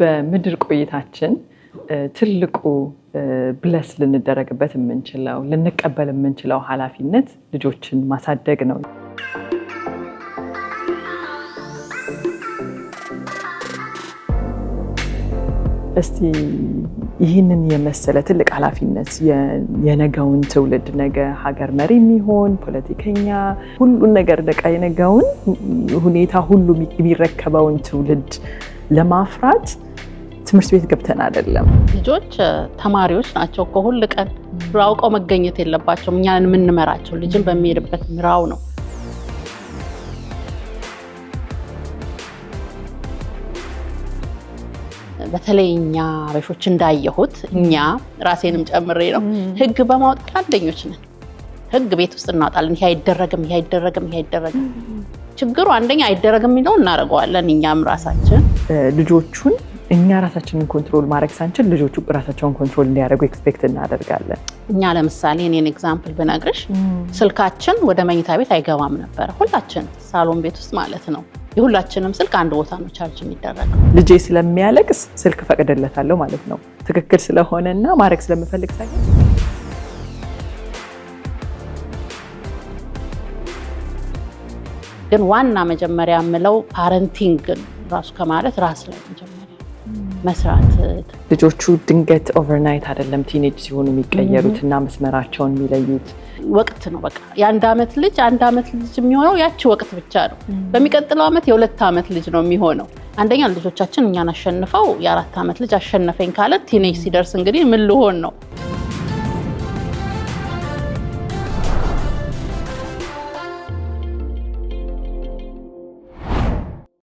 በምድር ቆይታችን ትልቁ ብለስ ልንደረግበት የምንችለው ልንቀበል የምንችለው ኃላፊነት ልጆችን ማሳደግ ነው። እስቲ ይህንን የመሰለ ትልቅ ኃላፊነት የነገውን ትውልድ ነገ ሀገር መሪ የሚሆን ፖለቲከኛ፣ ሁሉን ነገር በቃ የነገውን ሁኔታ ሁሉ የሚረከበውን ትውልድ ለማፍራት ትምህርት ቤት ገብተን አይደለም። ልጆች ተማሪዎች ናቸው። ከሁል ቀን አውቀው መገኘት የለባቸውም። እኛን የምንመራቸው ልጅን በሚሄድበት ምራው ነው። በተለይ እኛ አበሾች እንዳየሁት እኛ ራሴንም ጨምሬ ነው ህግ በማውጣት አንደኞች ነን። ህግ ቤት ውስጥ እናወጣለን። ይሄ አይደረግም፣ ይሄ አይደረግም፣ ይሄ አይደረግም። ችግሩ አንደኛ አይደረግም የሚለው እናደርገዋለን እኛም ራሳችን ልጆቹን እኛ ራሳችንን ኮንትሮል ማድረግ ሳንችል ልጆቹ ራሳቸውን ኮንትሮል እንዲያደርጉ ኤክስፔክት እናደርጋለን። እኛ ለምሳሌ እኔን ኤግዛምፕል ብነግርሽ ስልካችን ወደ መኝታ ቤት አይገባም ነበረ። ሁላችን ሳሎን ቤት ውስጥ ማለት ነው። የሁላችንም ስልክ አንድ ቦታ ነው ቻርጅ የሚደረገው። ልጄ ስለሚያለቅስ ስልክ ፈቅድለታለሁ ማለት ነው። ትክክል ስለሆነና ማድረግ ስለምፈልግ ሳይሆን ግን ዋና መጀመሪያ የምለው ፓረንቲንግ ራሱ ከማለት ራስ ላይ መስራት ልጆቹ ድንገት ኦቨርናይት አይደለም ቲኔጅ ሲሆኑ የሚቀየሩት እና መስመራቸውን የሚለዩት ወቅት ነው። በቃ የአንድ አመት ልጅ አንድ አመት ልጅ የሚሆነው ያቺ ወቅት ብቻ ነው። በሚቀጥለው አመት የሁለት አመት ልጅ ነው የሚሆነው። አንደኛ ልጆቻችን እኛን አሸንፈው የአራት አመት ልጅ አሸነፈኝ ካለ ቲኔጅ ሲደርስ እንግዲህ ምን ልሆን ነው